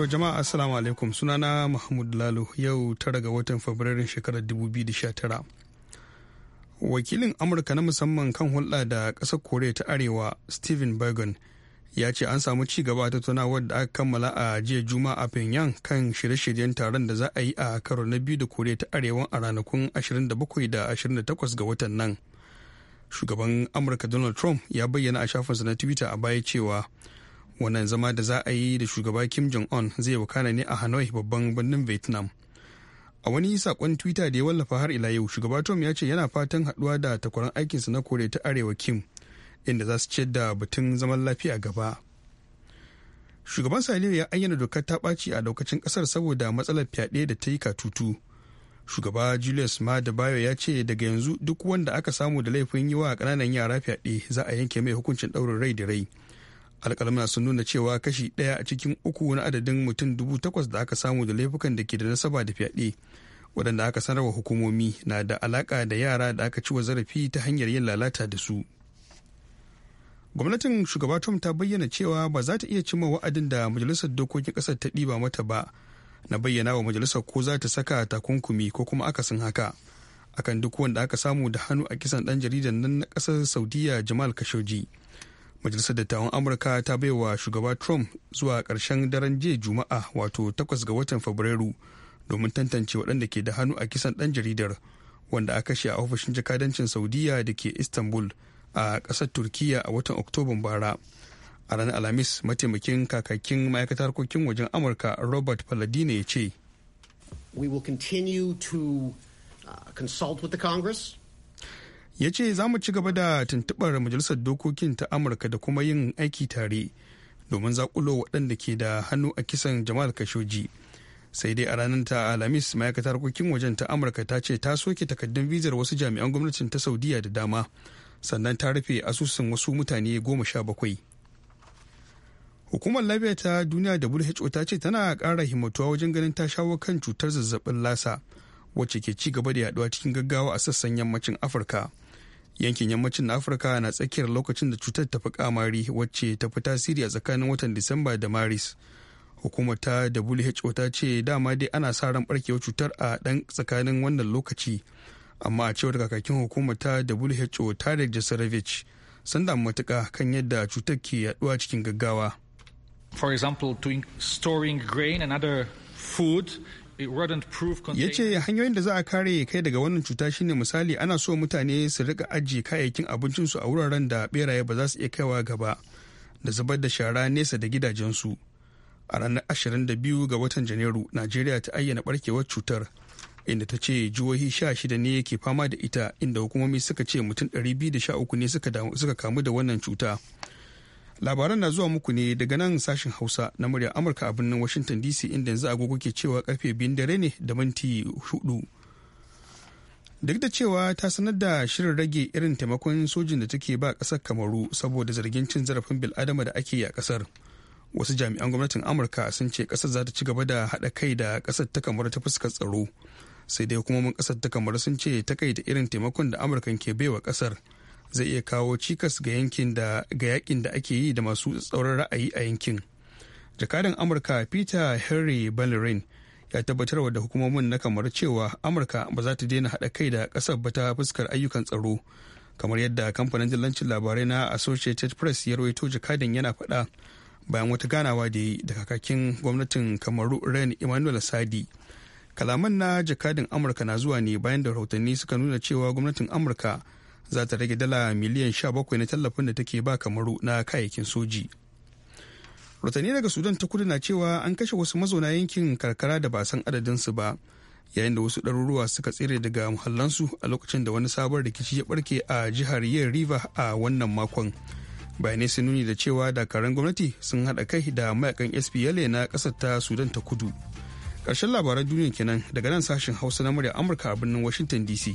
To jama'a assalamu alaikum sunana Mahmud Lalo yau tara ga watan Fabrairun shekarar 2019. Wakilin Amurka na musamman kan hulɗa da ƙasar Koriya ta Arewa Stephen Bergen ya ce an samu ci gaba tattaunawar da aka kammala a jiya juma Juma'a Pyongyang kan shirye-shiryen taron da za a yi a karo na biyu da Koriya ta Arewa a ranakun 27 da 28 ga watan nan. Shugaban Amurka Donald Trump ya bayyana a shafinsa na Twitter a baya cewa wannan zama da za a yi da shugaba kim jong-un zai wakana ne a hanoi babban birnin vietnam a wani sakon twitter da ya wallafa har ila yau shugaba tom ya ce yana fatan haɗuwa da takwaran aikinsa na kore ta arewa kim inda za su ciyar da batun zaman lafiya gaba shugaban saliyu ya ayyana dokar ta ɓaci a daukacin ƙasar saboda matsalar fyaɗe da ta yi katutu shugaba julius ma bayo ya ce daga yanzu duk wanda aka samu da laifin yi wa ƙananan yara fyaɗe za a yanke mai hukuncin ɗaurin rai da rai alkalmar sun nuna cewa kashi ɗaya a cikin uku na adadin mutum dubu takwas da aka samu da laifukan da ke da nasaba da fyaɗe waɗanda aka sanarwa hukumomi na da alaƙa da yara da aka ciwa zarafi ta hanyar yin lalata da su gwamnatin shugaba tom ta bayyana cewa ba za ta iya cimma wa'adin da majalisar dokokin ƙasar ta ɗiba mata ba na bayyana wa majalisar ko za ta saka takunkumi ko kuma akasin haka akan duk wanda aka samu da hannu a kisan ɗan jaridan nan na ƙasar saudiya jamal khashoggi majalisar dattawan amurka ta baiwa shugaba trump zuwa ƙarshen daren jiya juma'a wato 8 ga watan fabrairu domin tantance waɗanda ke da hannu a kisan ɗan jaridar wanda aka kashe a ofishin jakadancin saudiya da ke istanbul a ƙasar turkiya a watan oktoban bara a ranar alhamis mataimakin kakakin ma'aikatar harkokin wajen amurka robert paladino ya ce we will continue uh, consult with congress ya ce za mu ci gaba da tuntuɓar majalisar dokokin ta amurka da kuma yin aiki tare domin zakulo waɗanda ke da hannu a kisan jamal kashoji sai dai a ranar ta alhamis ma'aikatar harkokin wajen ta amurka ta ce ta soke takaddun bizar wasu jami'an gwamnatin ta saudiya da dama sannan ta rufe asusun wasu mutane goma sha bakwai hukumar lafiya ta duniya who ta ce tana ƙara himmatuwa wajen ganin ta shawo kan cutar zazzabin lasa wacce ke ci gaba da yaduwa cikin gaggawa a sassan yammacin afirka yankin yammacin na afirka na tsakiyar lokacin da cutar ta fi kamari wacce ta fi tasiri a tsakanin watan disamba da maris hukumar ta who ta ce dama dai ana sa ran barkewa cutar a dan tsakanin wannan lokaci amma a cewar kakakin hukumar ta who tarek jasarevich sun damu matuka kan yadda cutar ke yaduwa cikin gaggawa for example to storing grain and other food ya ce hanyoyin da za a kare kai daga wannan cuta shine misali ana so mutane su rika ajiye kayayyakin abincinsu a wuraren da beraye ba za su iya kaiwa gaba da zubar da shara nesa da gidajensu a ranar 22 ga watan janairu najeriya ta ayyana barkewar cutar inda ta ce jihohi 16 ne ke fama da ita inda hukumomi suka ce mutum 213 ne suka kamu da wannan cuta. labaran na zuwa muku ne daga nan sashen hausa na muryar amurka a birnin washington dc inda yanzu agogo ke cewa karfe biyun dare ne da minti hudu duk da cewa ta sanar da shirin rage irin taimakon sojin da take ba kasar kamaru saboda zargin cin zarafin bil'adama da ake yi a kasar wasu jami'an gwamnatin amurka sun ce kasar za ta ci gaba da haɗa kai da kasar ta kamaru ta fuskar tsaro sai dai kuma mun kasar ta kamaru sun ce ta kai da irin taimakon da amurkan ke baiwa kasar zai iya kawo cikas ga yankin da ga yakin da ake yi da masu tsauran ra'ayi a yankin jakadan amurka peter henry ballerin ya tabbatarwa da hukumomin na kamar cewa amurka ba za ta daina haɗa kai da ƙasar ba ta fuskar ayyukan tsaro kamar yadda kamfanin dillancin labarai na associated press ya rawaito jakadan yana faɗa bayan wata ganawa da yi da kakakin gwamnatin kamaru ren emmanuel sadi kalaman na jakadin amurka na zuwa ne bayan da rahotanni suka nuna cewa gwamnatin amurka za ta rage dala miliyan 17 na tallafin da take ba kamaru na kayayyakin soji rotani daga sudan ta kudu na cewa an kashe wasu mazauna yankin karkara da ba san adadinsu ba yayin da wasu ɗaruruwa suka tsere daga muhallansu a lokacin da wani sabon rikici ya barke a jihar yin river a wannan makon bayanai sun nuni da cewa dakaran gwamnati sun haɗa kai da mayakan spla na ƙasar ta sudan ta kudu ƙarshen labaran duniya kenan daga nan sashen hausa na murya amurka a birnin washington dc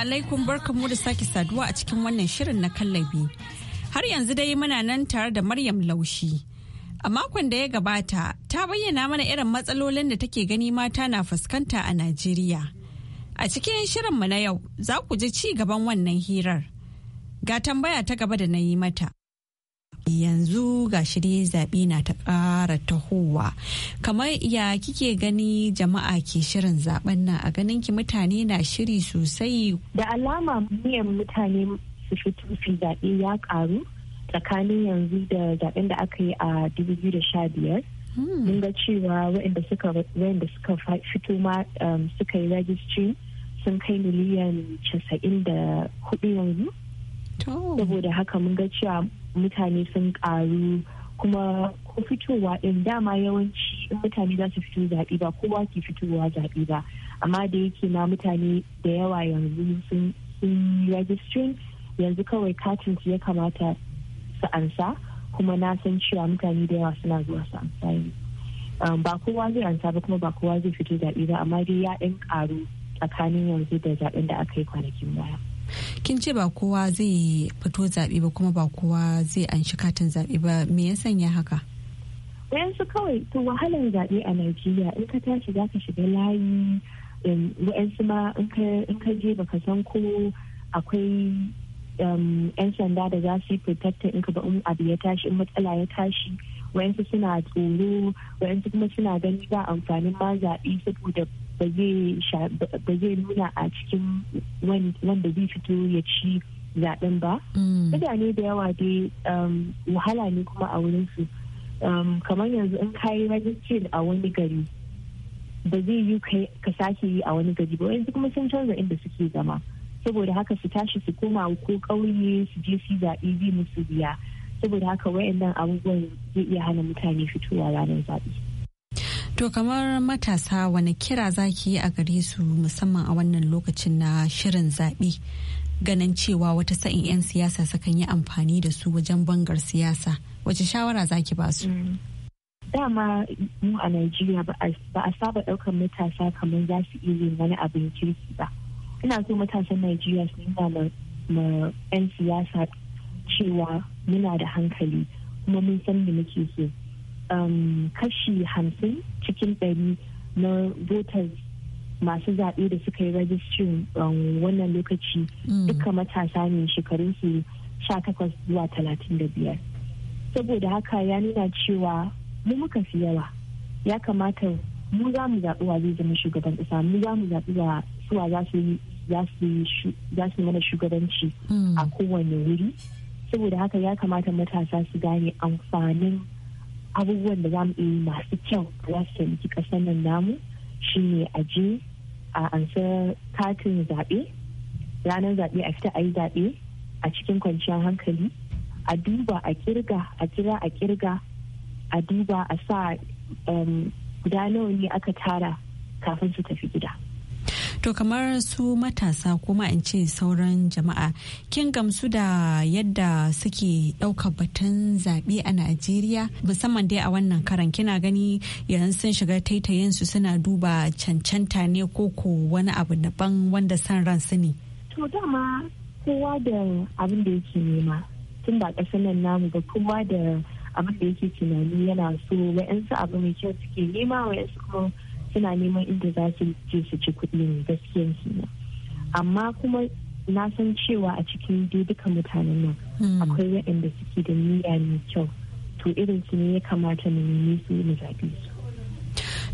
alaikum barkamu da sake saduwa a cikin wannan shirin na kallabi. Har yanzu dai muna nan tare da Maryam Laushi. A makon da ya gabata, ta bayyana mana irin matsalolin da take gani mata na fuskanta a Najeriya. A cikin shirin mu na yau, za ku ji ci gaban wannan hirar. Ga tambaya ta gaba da na yi mata. yanzu ga shirye zaɓe na ta ƙara tahowa kamar ya kike gani jama'a ke shirin zaben nan a ganin ki mutane na shiri sosai da alama miyan mutane su fito zaɓe ya ƙaru tsakanin yanzu da zaɓen da aka yi a 2015 hmm. mun ga cewa waɗanda suka fito ma um, suka yi rajistri sun kai miliyan 94 yanzu saboda haka mun ga cewa mutane sun karu kuma ko fitowa ɗin dama yawanci mutane za su fito zaɓe ba kowa ke fitowa zaɓe ba amma da yake ma mutane da yawa yanzu sun registering yanzu kawai katin ya kamata su ansa kuma na san cewa mutane da yawa suna zuwa su ansa ba kowa zai ansa ba kuma ba kowa zai fito zaɓe ba amma dai ya ɗan ƙaru tsakanin yanzu da zaɓen da aka yi kwanakin baya. kin ce ba kowa zai fito zaɓe ba kuma ba kowa zai anshi katin zaɓe ba me ya sanya haka wayansu kawai to wahalar zaɓe a najeriya in ka tashi za ka shiga layi um, wa'yansu ma in ka je baka san ko akwai um, yan sanda da za su yi protectin in ka ba abu ya tashi in matsala ya tashi wa'yansu suna tsoro wa'yansu kuma suna gani ba amfanin ma zaɓe saboda ba zai nuna a cikin wanda zai fito ya ci zaɓen ba mm. mutane da yawa dai um, wahala ne kuma a wurinsu um, kamar yanzu in kayi rajistin a wani gari ba zai yi ka sake yi a wani gari ba yanzu kuma sun canza inda suke zama saboda haka su tashi su koma ko ƙauye su je su zaɓe bi musu biya saboda haka wayannan abubuwan zai iya hana mutane fitowa ranar zaɓe. To kamar matasa wani kira za ki yi a gare su musamman a wannan lokacin na shirin zaɓe ganin cewa wata sa'in 'yan siyasa sukan yi amfani da su wajen bangar siyasa wace shawara za ki ba su? Mm. Dama mu a Najeriya ba a saba ɗaukar matasa kamar za su iya yin wani abin kirki ba. Ina so matasan Najeriya su nuna ma 'yan siyasa cewa muna da hankali kuma mun san da muke so. Um, kashi hamsin cikin ɗari na voters masu zaɓe da suka yi rajistin um, wannan lokaci mm. duka matasa ne shekarun su takwas zuwa talatin da biyar saboda haka ya nuna cewa mu muka fi yawa ya kamata mu za mu zaɓi wa zai zama shugaban ƙasa mu za mu zaɓi wa suwa za su yi mana shugabanci mm. a kowane wuri saboda haka ya kamata matasa su gane amfanin abubuwan da za mu yi masu kyau da za su taimaki kasar nan namu shine a je a ansa katin zaɓe ranar zaɓe a fita a yi zaɓe a cikin kwanciyar hankali a duba a kirga a kira a kirga a duba a sa um, guda nawa ne aka tara kafin su tafi gida. to kamar su matasa kuma in ce sauran jama'a kin gamsu da yadda suke ɗaukar batun zaɓe a najeriya musamman dai a wannan karan kina gani yanzu sun shiga taitayen su suna duba cancanta ne ko ko wani abu daban wanda san su ne to dama kowa da abin da yake nema tun ba ƙasar nan namu ga kowa da abin da yake tunani yana so wa'yansu abu mai kyau suke nema wa'yansu kuma suna neman inda za su je su ci kuɗi ne gaskiyan kenan amma kuma na san cewa a cikin dai duka mutanen nan hmm. akwai waɗanda suke da niyya mai kyau to irin su ne ya kamata mu nemi su mu zaɓe su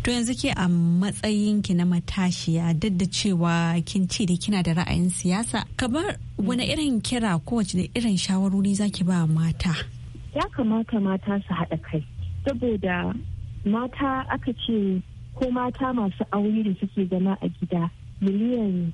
to yanzu ke a matsayin ki na matashiya duk da cewa kin ce da kina da ra'ayin siyasa kamar wani hmm. irin kira kowace da irin shawarori zaki ba mata ya kamata mata su haɗa kai saboda mata aka ce ko mata masu aure da suke zama a gida miliyan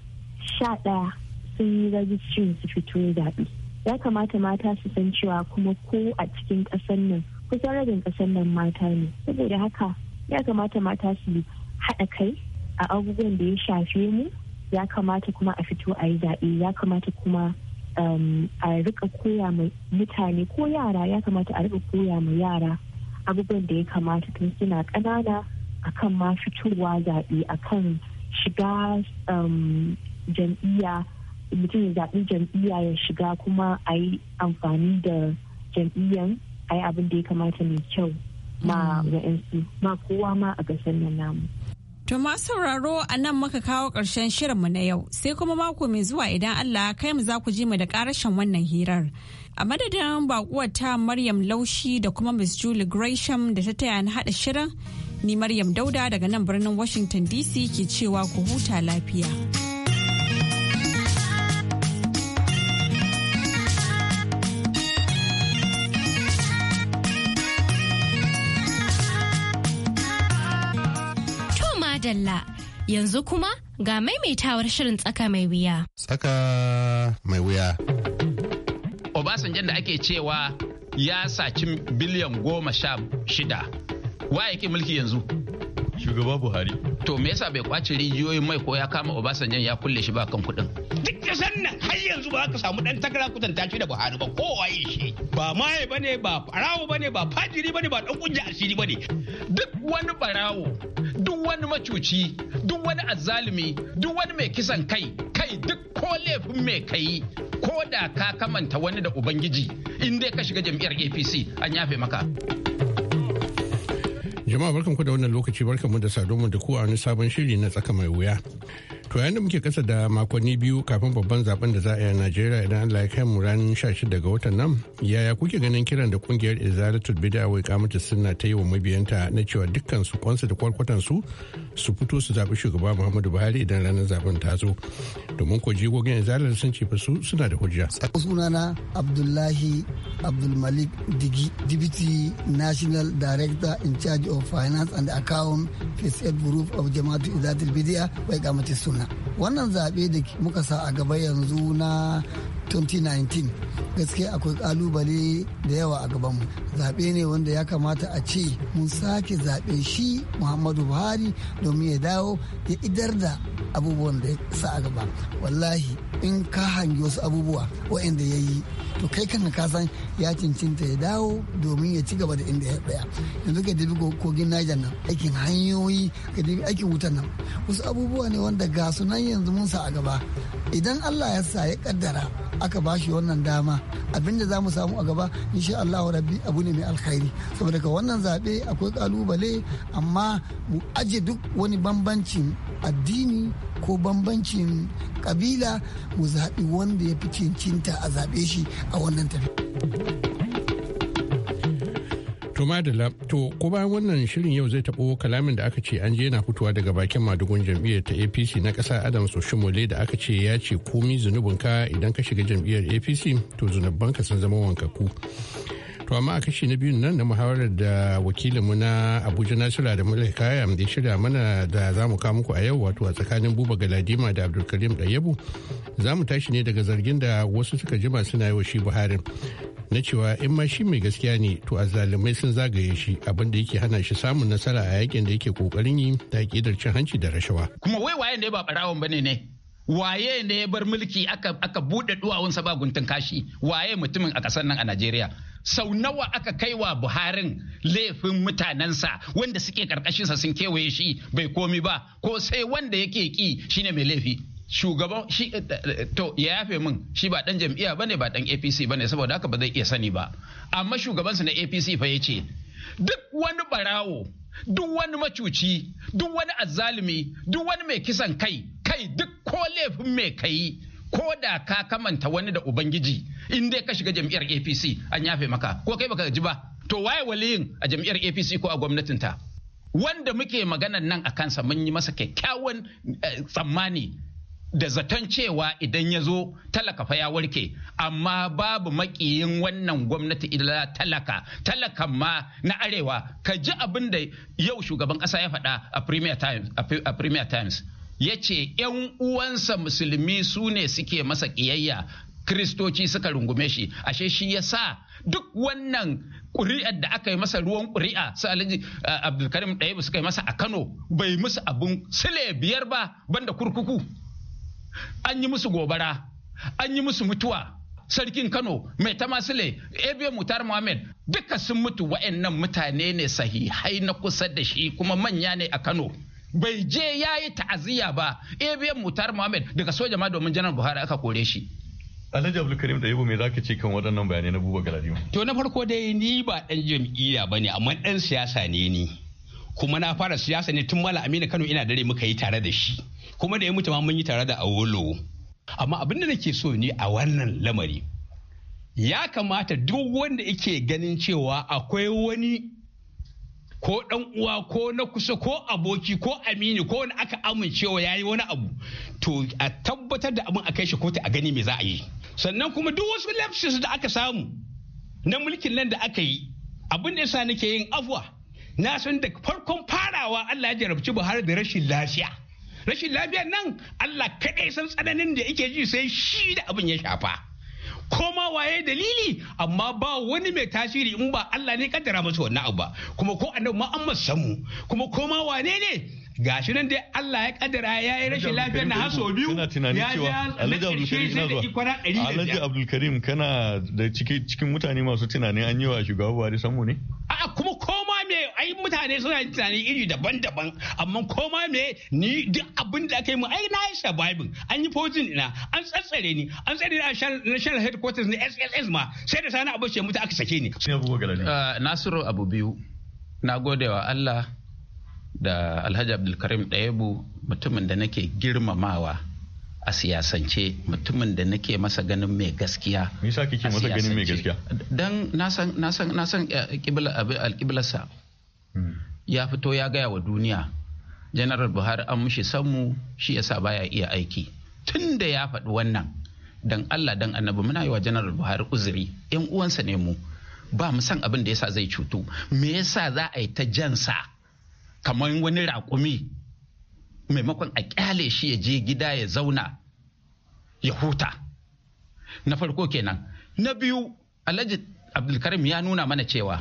sha ɗaya sun yi rajistrin su fito zaɓe ya kamata mata su san cewa kuma ko a cikin ƙasar nan kusan rabin ƙasar nan mata ne saboda haka ya kamata mata su haɗa kai a abubuwan da ya shafe mu ya kamata kuma a fito a yi zaɓe ya kamata kuma um, a rika koya ma mutane ko yara ya kamata a rika koya ma yara abubuwan da ya kamata tun suna ƙanana akan ma fitowa zaɓe akan shiga um, jam'iyya mutum ya zaɓi jam'iyya ya shiga kuma a yi amfani da jam'iyyan a yi abin da ya kamata mai kyau ma mm. wa'yansu ma kowa ma a gasar nan namu. To masu sauraro a nan muka kawo ƙarshen shirinmu na yau sai kuma mako mai zuwa idan Allah kai mu za ku ji mu da ƙarashin wannan hirar. A madadin bakuwar ta Maryam Laushi da kuma Miss Julie Gresham da ta taya na haɗa shirin Ni Maryam Dauda daga nan birnin Washington DC ke cewa ku huta lafiya. Dalla yanzu kuma ga maimaitawar shirin tsaka mai wuya. Tsaka mai wuya. Obasanjan da ake cewa ya saci biliyan goma sha shida wa ya ki mulki yanzu shugaba buhari to me yasa bai kwace rijiyoyin mai ko ya kama obasanjan ya kulle shi ba kan kuɗin duk da sannan har yanzu ba ka samu dan takara kutanta shi da buhari ba ko waye shi ba maye bane ba farawo bane ba fajiri bane ba dan kunja asiri bane duk wani barawo duk wani macuci duk wani azzalumi duk wani mai kisan kai kai duk ko laifin mai kai ko da ka kamanta wani da ubangiji in dai ka shiga jam'iyyar apc an yafe maka Jama'a barkanku da wannan lokaci barkanmu da saduwa da ku a wani sabon shiri na tsaka mai wuya. To yayin muke kasa da makonni biyu kafin babban zaben da za a yi a Najeriya idan Allah ya kai mu ranar 16 ga watan nan, yaya kuke ganin kiran da kungiyar Izalatul Bid'a wai kamata suna ta yi wa mabiyanta na cewa dukkan su kwansa da kwarkwatan su su fito su zaɓi shugaba Muhammadu Buhari idan ranar zaben ta zo. Domin ko jigogin Izalar sun ce su suna da hujja. Sunana Abdullahi Abdulmalik Digi, Deputy National Director in charge of Finance and Account, Face Group of Jama'atu Izalatul Bid'a wai kamata suna. wannan zaɓe da muka sa a gaba yanzu na 2019 gaskiya akwai kalubale da yawa a gabanmu zaɓe ne wanda ya kamata a ce mun sake zaɓe shi muhammadu buhari domin ya dawo ya idar da abubuwan da ya sa a gaba wallahi in ka hangi wasu abubuwa waɗanda ya yi to kai kan ka san ya cincinta ya dawo domin ya ci gaba da inda ya tsaya yanzu ka dubi kogin Niger nan aikin hanyoyi ka dubi aikin wutan nan wasu abubuwa ne wanda ga su nan yanzu mun sa a gaba idan Allah ya sa ya kaddara aka ba shi wannan dama abinda za mu samu a gaba insha Allahu rabbi abu ne mai alkhairi saboda ka wannan zaɓe akwai kalubale amma mu aje duk wani bambancin addini ko bambancin kabila mu zaɓi wanda ya fi cincinta a zaɓe shi a wannan tafiya. To madala, to ko bayan wannan shirin yau zai taɓo kalamin da aka ce an je na fitowa daga bakin madugun jam'iyyar ta APC na ƙasa Adams Oshimole da aka ce ya ce komi zunubinka idan ka shiga jam'iyyar APC to zunubanka sun zama wankaku. to amma a kashi na biyun nan na muhawarar da wakilinmu na abuja nasira da mulai kaya da shirya mana da za mu kawo muku a yau wato a tsakanin buba galadima da abdulkarim yabu za mu tashi ne daga zargin da wasu suka jima suna yi wa shi buharin na cewa in ma shi mai gaskiya ne to a zalimai sun zagaye shi abin da yake hana shi samun nasara a yakin da yake kokarin yi Ta kidar cin hanci da rashawa kuma wai waye ne ba barawon bane ne waye ne ya bar mulki aka aka bude duwawunsa ba guntun kashi waye mutumin a kasar nan a Najeriya sau nawa aka kai wa buharin laifin mutanensa wanda suke karkashin sa sun kewaye shi bai komi ba ko sai wanda yake ki shine mai laifi shugaban shi eh, eh, eh, to ya yafe min shi ba dan jam'iyya bane ba dan APC bane saboda haka ba zai iya sani ba amma shugabansu na APC fa yace duk wani barawo duk wani macuci duk wani azzalumi duk wani mai kisan kai kai duk ko laifin mai kai ko da ka kamanta wani da ubangiji in dai ka shiga jam'iyyar apc an yafe maka ko kai baka ji ba to waye waliyin a jam'iyyar apc ko a gwamnatin ta? wanda muke maganan nan a kansa mun yi masa kyakkyawan eh, tsammani da zaton cewa idan ya zo talaka fa ya warke amma babu makiyin wannan gwamnati idan talaka talakan ma na arewa ka ji abin da yau shugaban ƙasa ya faɗa a premier times ya ce ‘yan uwansa musulmi su ne suke masa ƙiyayya kristoci suka rungume shi ashe shi ya sa duk wannan ƙuri'ar da aka yi masa ruwan ƙuri'a su alhaji abdulkarim ɗaya suka yi masa a kano bai musu abun sile biyar ba banda kurkuku an yi musu gobara an yi musu mutuwa sarkin kano mai sile. ebe mutar muhammad duka sun mutu wa'annan mutane ne sahihai na kusa da shi kuma manya ne a kano bai je ya yi ta'aziyya ba abm mutar muhammad daga soja ma domin janar buhari aka kore shi Alhaji Abdulkarim da yabo me zaka ce kan waɗannan bayanai na Buba Galadima? To na farko dai ni ba ɗan jam'iyya ne amma ɗan siyasa ne ni. Kuma na fara siyasa ne tun Malam Aminu Kano ina dare muka yi tare da shi. Kuma da ya mutu ma mun yi tare da Awolo. Amma abin da nake so ni a wannan lamari. Ya kamata duk wanda yake ganin cewa akwai wani ko dan uwa ko na kusa ko aboki ko amini ko wani aka amincewa ya yi wani abu to a tabbatar da abin a kai shi kotu a gani me za a yi sannan kuma duk wasu lapses da aka samu na mulkin nan da aka yi abin da yasa nake yin afwa na san da farkon farawa Allah ya jarabci Buhari da rashin lafiya rashin lafiya nan Allah kaɗai san tsananin da yake ji sai shi da abin ya shafa koma waye dalili amma ba wani mai tasiri in ba Allah ne kaddara masa wannan abu ba kuma ko annabi Muhammad sanmu kuma koma wane ne gashi nan dai Allah ya kaddara ya yi rashin lafiyar na haso biyu ya ja Alhaji Abdulkarim kana da cikin mutane masu tunani an yi wa shugaba da sanmu ne a'a kuma ko ai mutane suna tunani iri daban-daban amma koma me ni duk abin da aka yi mu ai na yi surviving an yi fojin ina an tsatsare ni an tsare ni a national headquarters na SSS ma sai da sani abu ce mutu aka sake ni uh, Nasiru abu biyu na gode wa Allah da Alhaji Abdulkarim Dayebu mutumin da nake girmamawa a siyasance mutumin da nake masa ganin mai gaskiya. Me yasa kike masa ganin mai gaskiya? Dan na san na san na san eh, ya fito ya gaya wa duniya janar buhari an mushi sanmu shi ya yasa baya iya aiki tun da ya faɗi wannan dan allah dan annabi muna yi wa janar buhari uzuri yan uwansa ne mu ba mu san abin da ya sa zai cutu me ya sa za a yi ta jansa kamar wani raƙumi maimakon a kyale shi ya je gida ya zauna ya huta na farko kenan na biyu alhaji abdulkarim ya nuna mana cewa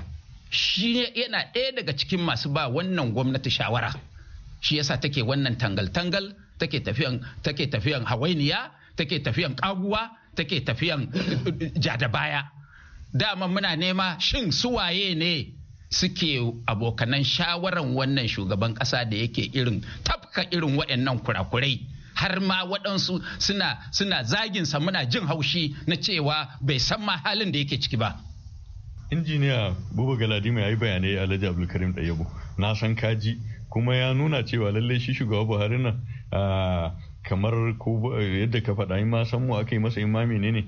shi yana ɗaya daga cikin masu ba wannan gwamnati shawara shi yasa take wannan tangal-tangal take tafiyan take tafiyan hawainiya take tafiyan kaguwa take tafiyan jada baya dama muna nema shin suwaye ne suke abokanan shawaran wannan shugaban ƙasa da yake irin tafka irin waɗannan kurakurai har ma waɗansu suna suna zaginsa muna jin haushi na cewa bai san ma halin da yake ciki ba injiniya buba galadima ya yi bayanai alhaji abdulkarim ɗayyabu na san kaji kuma ya nuna cewa lallai shi shugaba buhari nan kamar yadda ka faɗa in ma san mu aka yi masa imami ne ne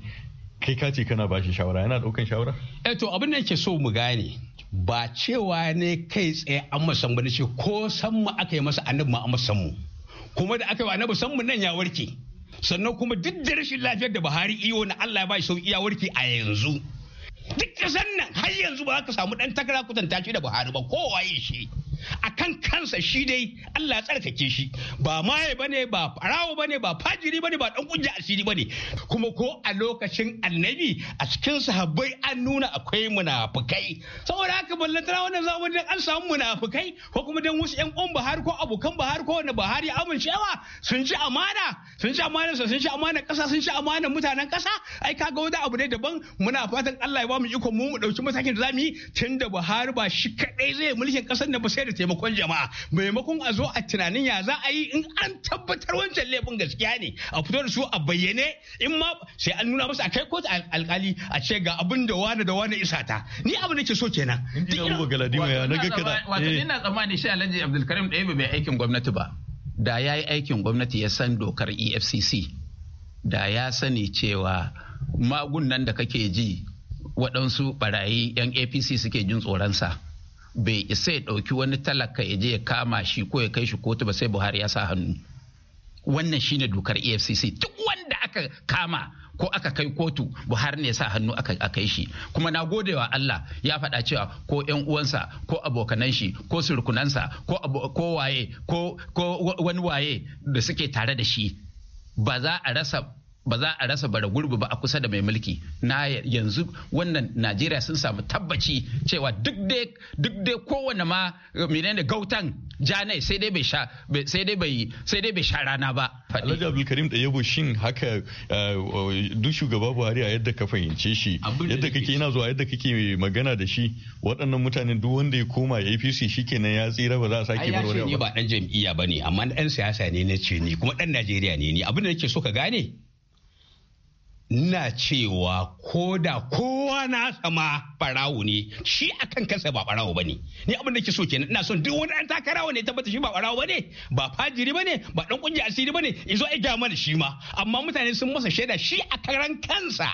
kai ka ce kana bashi shawara yana ɗaukan shawara eh to abin da yake so mu gane ba cewa ne kai tsaye an masa ba ce ko san mu aka yi masa annabi ma an masa mu kuma da aka yi annabi san mu nan ya warke sannan kuma duk da rashin lafiyar da Buhari iyo na Allah ya ba shi sauki ya warke a yanzu duk kasan nan har yanzu ba ka samu ɗan takara kutanta shi da buhari ba kowa ya shi a kan kansa shi dai Allah tsarkake shi ba maye bane ba farawo bane ba fajiri bane ba dan kunja asiri bane kuma ko a lokacin annabi a cikin sahabbai an nuna akwai munafukai saboda haka ballantana wannan zamani an samu munafukai ko kuma dan wasu yan uwan Buhari ko abokan Buhari ko wanda Buhari ya amincewa sun ci amana sun ci amana sun ci amana kasa sun ci amana mutanen kasa ai kaga wani abu ne daban muna fatan Allah ya ba mu iko mu mu dauki matakin da zamu yi tunda Buhari ba shi kadai zai mulkin kasar da ba sai da taimakon jama'a maimakon a zo a tunanin ya za a yi in an tabbatar wancan laifin gaskiya ne a fito da su a bayyane in ma sai an nuna musu a kai kotu alkali a ce ga abin da wani da wani isa ta ni abu nake so kenan wato eh. ina tsammani shi alhaji abdulkarim ɗaya bai aikin gwamnati ba da ya yi aikin gwamnati ya san dokar efcc da ya sani cewa magun nan da kake ji waɗansu ɓarayi 'yan apc suke jin tsoronsa bai isa ya ɗauki wani talaka ya je ya kama shi ko ya kai shi kotu ba sai buhari ya sa hannu wannan shine dokar efcc duk wanda aka kama ko aka kai kotu buhari ne ya sa hannu aka kai shi kuma na gode wa allah ya faɗa cewa ko yan uwansa ko abokanan shi ko surkunansa ko waye ko wani waye da suke tare da shi ba za a rasa ba za a rasa bara gurbi ba a kusa da mai mulki na yanzu wannan najeriya sun samu tabbaci cewa duk dai kowane ma menene gautan janai sai dai bai sha sai dai bai sai dai bai sha rana ba Alhaji karim da yabo shin haka eh, duk shugaba Buhari a yadda ka fahimce shi yadda kake ina zuwa yadda kake magana da shi waɗannan mutanen duk wanda ya koma APC shikenan ya tsira ba za a sake bar ba ba dan jam'iyya bane amma dan siyasa ne na ce ni kuma ɗan Najeriya ne ni abin da nake so ka gane ina cewa ko da kowa na sama barawo ne shi a kan kansa ba barawo ne. ni abin da ke so kenan ina son duk wani an takarawa ne tabbata shi ba barawo ne ba fajiri ne ba ɗan kungiya asiri bane izo a gama da shi ma amma mutane sun masa shaida shi a karan kansa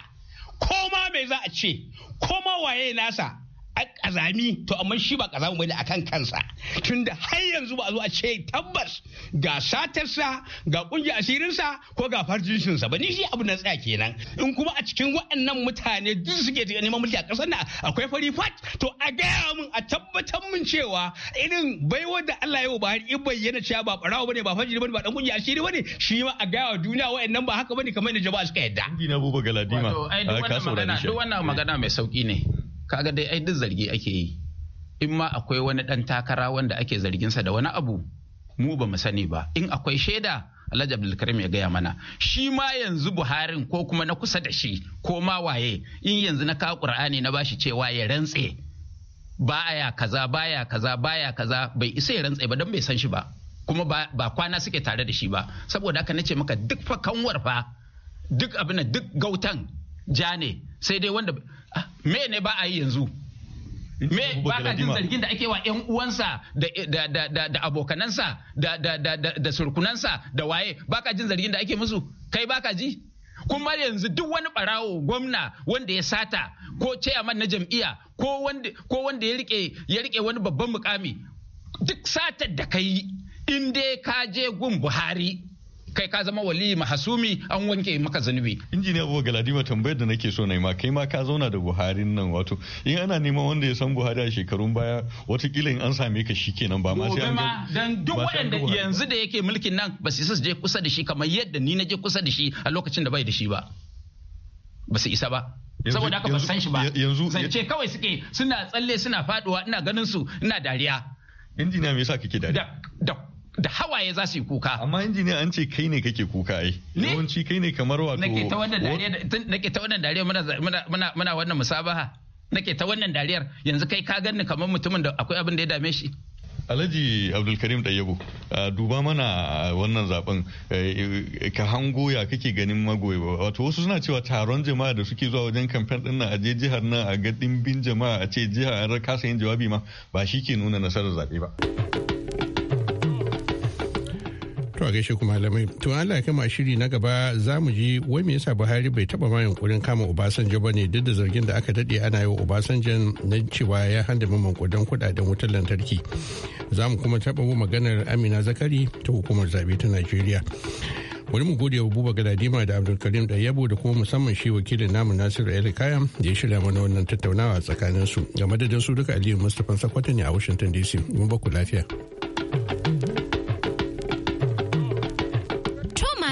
ko ma me za a ce ko ma waye nasa a kazami to amma shi ba kazami bane akan kansa tunda har yanzu ba a zo a ce tabbas ga satarsa ga kungiyar asirinsa ko ga farjishinsa ba ni shi abu na tsaya kenan in kuma a cikin waɗannan mutane duk suke neman mulki a ƙasar nan akwai fari fat to a gaya min a tabbatar mun cewa irin baiwa da Allah yau ba in bayyana cewa ba barawo bane ba fajiri bane ba dan kungiyar asiri bane shi ma a gaya wa duniya waɗannan ba haka bane kamar da jama'a suka yadda. ina bubu Galadima. Wato ai duk wannan magana mai sauki ne. kaga dai ai duk zargi ake yi in ma akwai wani ɗan takara wanda ake zarginsa da wani abu mu ba mu sani ba in akwai shaida Alhaji Abdulkarim ya gaya mana shi ma yanzu Buharin ko kuma na kusa da shi ko ma waye in yanzu na kawo Qur'ani na bashi cewa ya rantse baya kaza baya kaza baya kaza bai isa ya rantse ba dan bai san shi ba kuma ba, kwana suke tare da shi ba saboda haka nace maka duk fa kanwar fa duk abin duk gautan ja ne sai dai wanda me ne ba a yi yanzu me ba ka jin zargin da ake wa yan uwansa da abokanansa da surkunansa da waye ba ka jin zargin da ake musu kai ba ka ji kuma yanzu duk wani barawo gwamna wanda ya sata ko chairman na jam'iyya ko wanda ya rike wani babban mukami duk satar da kai in dai ka je gun buhari kai ka zama wali mahasumi an wanke maka ne. injiniya abubuwa galadima tambayar da nake so nai ma kai ma ka zauna da buhari nan wato in ana neman wanda ya san buhari a shekarun baya watakila in an same ka shi kenan ba ma sai an ga dan duk wanda yanzu da yake mulkin nan ba su isa su je kusa da shi kamar yadda ni na je kusa da shi a lokacin da bai da shi ba ba su isa ba saboda haka ba san shi ba zance kawai suke suna tsalle suna faduwa ina ganin su ina dariya injiniya me yasa kake dariya da da hawaye za su yi kuka. Amma injiniya an ce kai ne kake kuka ai. Yawanci kai ne kamar wato. Nake ta wannan dariyar nake ta wannan dariyar muna muna muna wannan musabaha. Nake ta wannan dariyar yanzu kai ka ganni kamar mutumin da akwai abin da ya dame shi. Alhaji Abdulkarim Dayyabo, duba mana wannan zaben e, e, ka hango ya kake ganin magoya wato wasu suna cewa taron jama'a da suke zuwa wajen kamfen din nan a je jihar nan a ga dimbin jama'a a ce jihar an kasa yin jawabi ma ba shi ke nuna nasarar zaɓe ba. To a gaishe kuma malamai. To Allah ya kama shiri na gaba za mu ji wai me yasa Buhari bai taba ma yunkurin kama Obasanjo ba ne duk da zargin da aka dade ana yi wa Obasanjo na cewa ya handa mankudan kudaden wutar lantarki. Za mu kuma taba mu maganar Amina Zakari ta hukumar zabe ta Najeriya. Wani mu gode wa Buba Galadima da Abdulkarim da Yabo da kuma musamman shi wakilin namu Nasiru El Kaya da ya shirya mana wannan tattaunawa tsakanin su. Ga madadin su duka Aliyu Mustapha Sakwata ne a Washington DC. Mun ba ku lafiya.